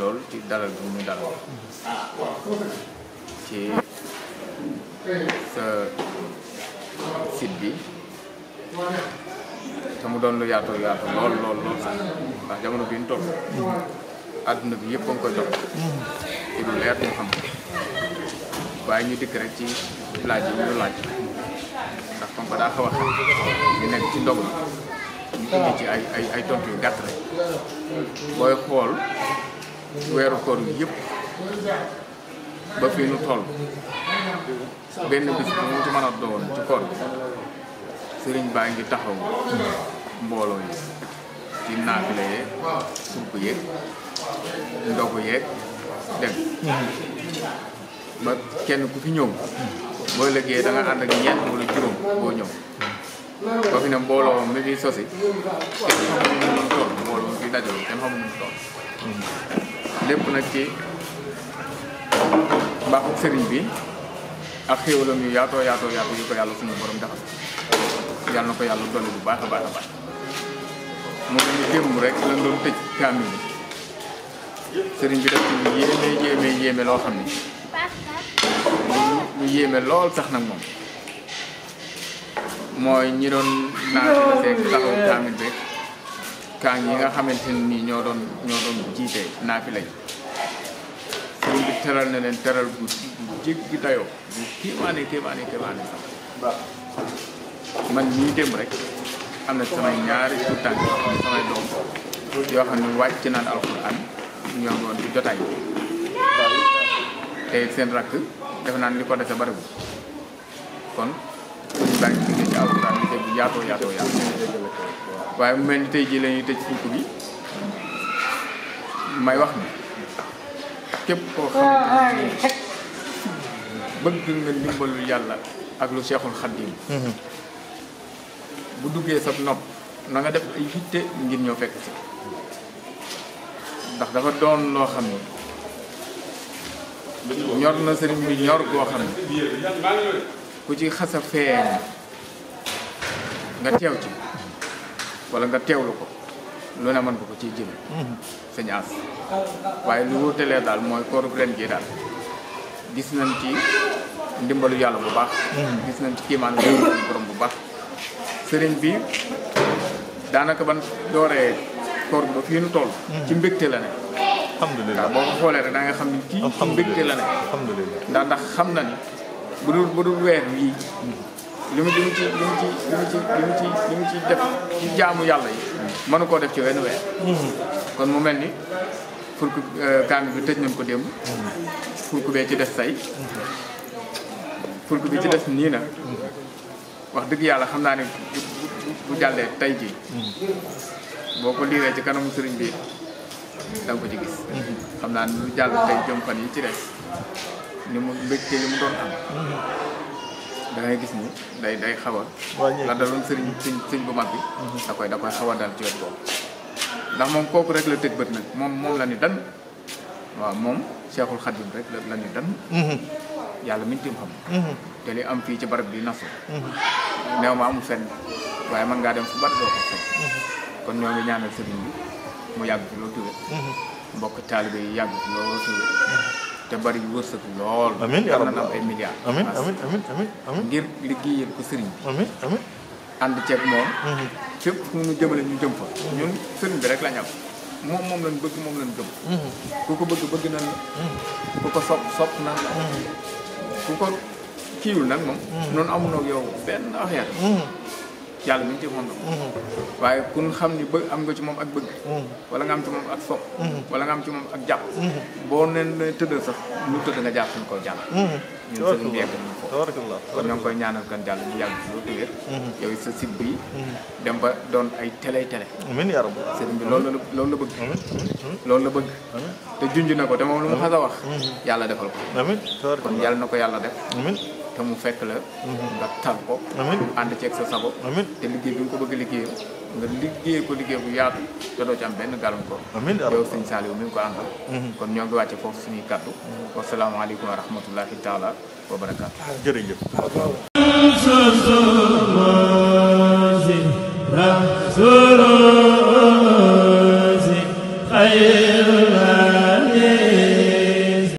lool ci dalal bi ñu dalal ci sa site bi te mu doon lu yaatoo yaatu lool lool lool sax ndax jamono bii ñu toll àdduna bi yëpp a koy topp ci lu ñu xam rek laaj yi ñu laaj ndax comme que daa xaw a xam nekk ci ndog ñu indi ci ay tontu yu gàtt rek booy xool wéru koor yi yépp ba fi ñu toll benn bis bu mu ci mën a doon ci koor bi sëriñ baa ngi taxaw mbooloo yi ci naafile yee sump yeeg ndogu yeeg dem ba kenn ku fi ñëw booy liggéey da nga ànd ak ñeent wala juróom boo ñëw ba fi ne mbooloo mi fi sosi kenn xamul nu mu toll mbooloo mi fi dajal kenn xamul nu mu toll lépp nag ci mbaaxu sëriñ bi ak xéewalam yu yaato yaato yaatoo yu ko yàlla suñu borom defal yàlla na ko yàlla dolli bu baax a baax a baax moo la ñu démb rek lañ doon tëj kaamil bi sëriñ bi def ci yéeme yéeme loo xam ni lu yéeme lool sax nag moom mooy ñi doon naan seeg taxaw kaamil bi kaan yi nga xamante ni ñoo doon ñoo doon jiite naa fi teral nenen leen teral bu jéggi dayoo bu kéemaane kéemaane kéemaane sax man mii dem rek am na samay ñaari tuutànk samay doom yoo xam ne wàcc naan alquran ñoo ngon di jotay te sen rak def naan li ko dese bari bu kon suñu bàyyi jóge ci alquran te bu yaatoo yaatoo ya waye mu mel ni tey jii la ñuy tëj bi may wax ni képp koo ah, xamante ah, ni bëgg nga ndimbalul yàlla ak lu seexul xaddiim mhm. bu duggee sa nopp nanga def ay yitte ngir ñoo fekk si ndax dafa doon loo xam ne ñor na sëriñ bi ñor goo xam ne ku ci xasa nga teew ci wala nga teewlu ko lu ne mën nga ko ciy jëm. Mhm. sëñ waaye lu wutelee daal mooy kooru ren gii daal gis nañ ci ndimbalu yàlla bu baax. Mhm. gis nañ ci kiimaanu borom bu baax. sëriñ bi daanaka ban dooree koor bi ba fii nu toll. Mhm. ci mbégte la ne. alhamdulilah boo ko xoolee rek da nga xam ni ci mbégte la ne. ndax ndax xam na ni bu dul bu dul weer yii. li mu li mu ci li mu ci li mu ci li mu ci def jaamu yàlla yi mënu koo def ci wenn weer hmm. kon mu mel ni pour que euh, kaamil bi tëj nañ ko démb pour hmm. que bee ci des say pour que bi ci des nii na hmm. wax dëgg yàlla xam naa ne bu jàllee tey jii boo ko liiree ci kanamu sëriñ bi da ko ci gis xam naa ne lu jàll tey jëm fan yi ci des ni mu mbégte yi mu doon am da ngay gis ni day day xaw a. la daloon sëriñ sëriñ sëriñ bu mag bi. Mhm. da koy da koy xaw a dal ci wet boobu. ndax moom kooku rek la tëj bët nag moom moom la ni dan waaw moom Cheikhul Khadim rek la ni dan mhm. yàlla mi tim xam. Mhm. te li am fii ci barab bi nasu. néew ma amul fenn waaye mën ngaa dem fu bari doo ko fenn. kon ñoo ngi ñaanal sëriñ bi mu yàgg fi loo tuwe. mbokk taalibe yi yàgg fi loo te bari wërsëg lool. amiin yàlla na am ay milliards. amiin amiin amiin amiin amiin ngir liggéeyal ko sëriñ bi. amiin amiin. ànd ceeg moom. fépp mhm. fu mu jëmale ñu jëm fa. ñun sëriñ bi rek la ñu am moom moom lañ bëgg moom lañ gëm. Mhm. ku ko bëgg bëgg nan la. Mhm. ku ko sopp sopp nan la. ku ko kiiwul nag moom. noonu amuñoo ak yow benn affaire. yàlla mi ngi moom la mhm. waaye kun xam ni bëgg am nga ci moom ak bëgg mhm. wala nga am ci moom ak sopp mhm. wala nga am ci moom ak jàpp boo nen tëddal sax lu tëdd a jàpp suñu kaw jàll ñun sëriñ bi yegg nañu ko kon ñoo ngi koy ñaanal kan jàll ñu yàgg si loolu yow sa site bi dem ba doon ay télé télé amiin yaa rabbi sëriñ bi loolu la loolu la bëgg loolu te junj ko te moom lu mu xas a wax yàlla defal ko amiin kon yàlla na ko yàlla def te mu fekk la. Mhm. nga tal ko. amiin ànd ceeg sa sabo. te liggéey bi nga ko bëgg a nga liggéey ko liggéey bu yaatu te doo ci am benn gàllankoor. amiin yow sëñ Saliou mi ngi ko àndal. Mhm. kon ñoo ngi wàcce foofu suñuy kàddu. Mhm. wasalaamaaleykum wa rahmatulahi taala wa barakaatu. Ah, jërëjëf. Ah,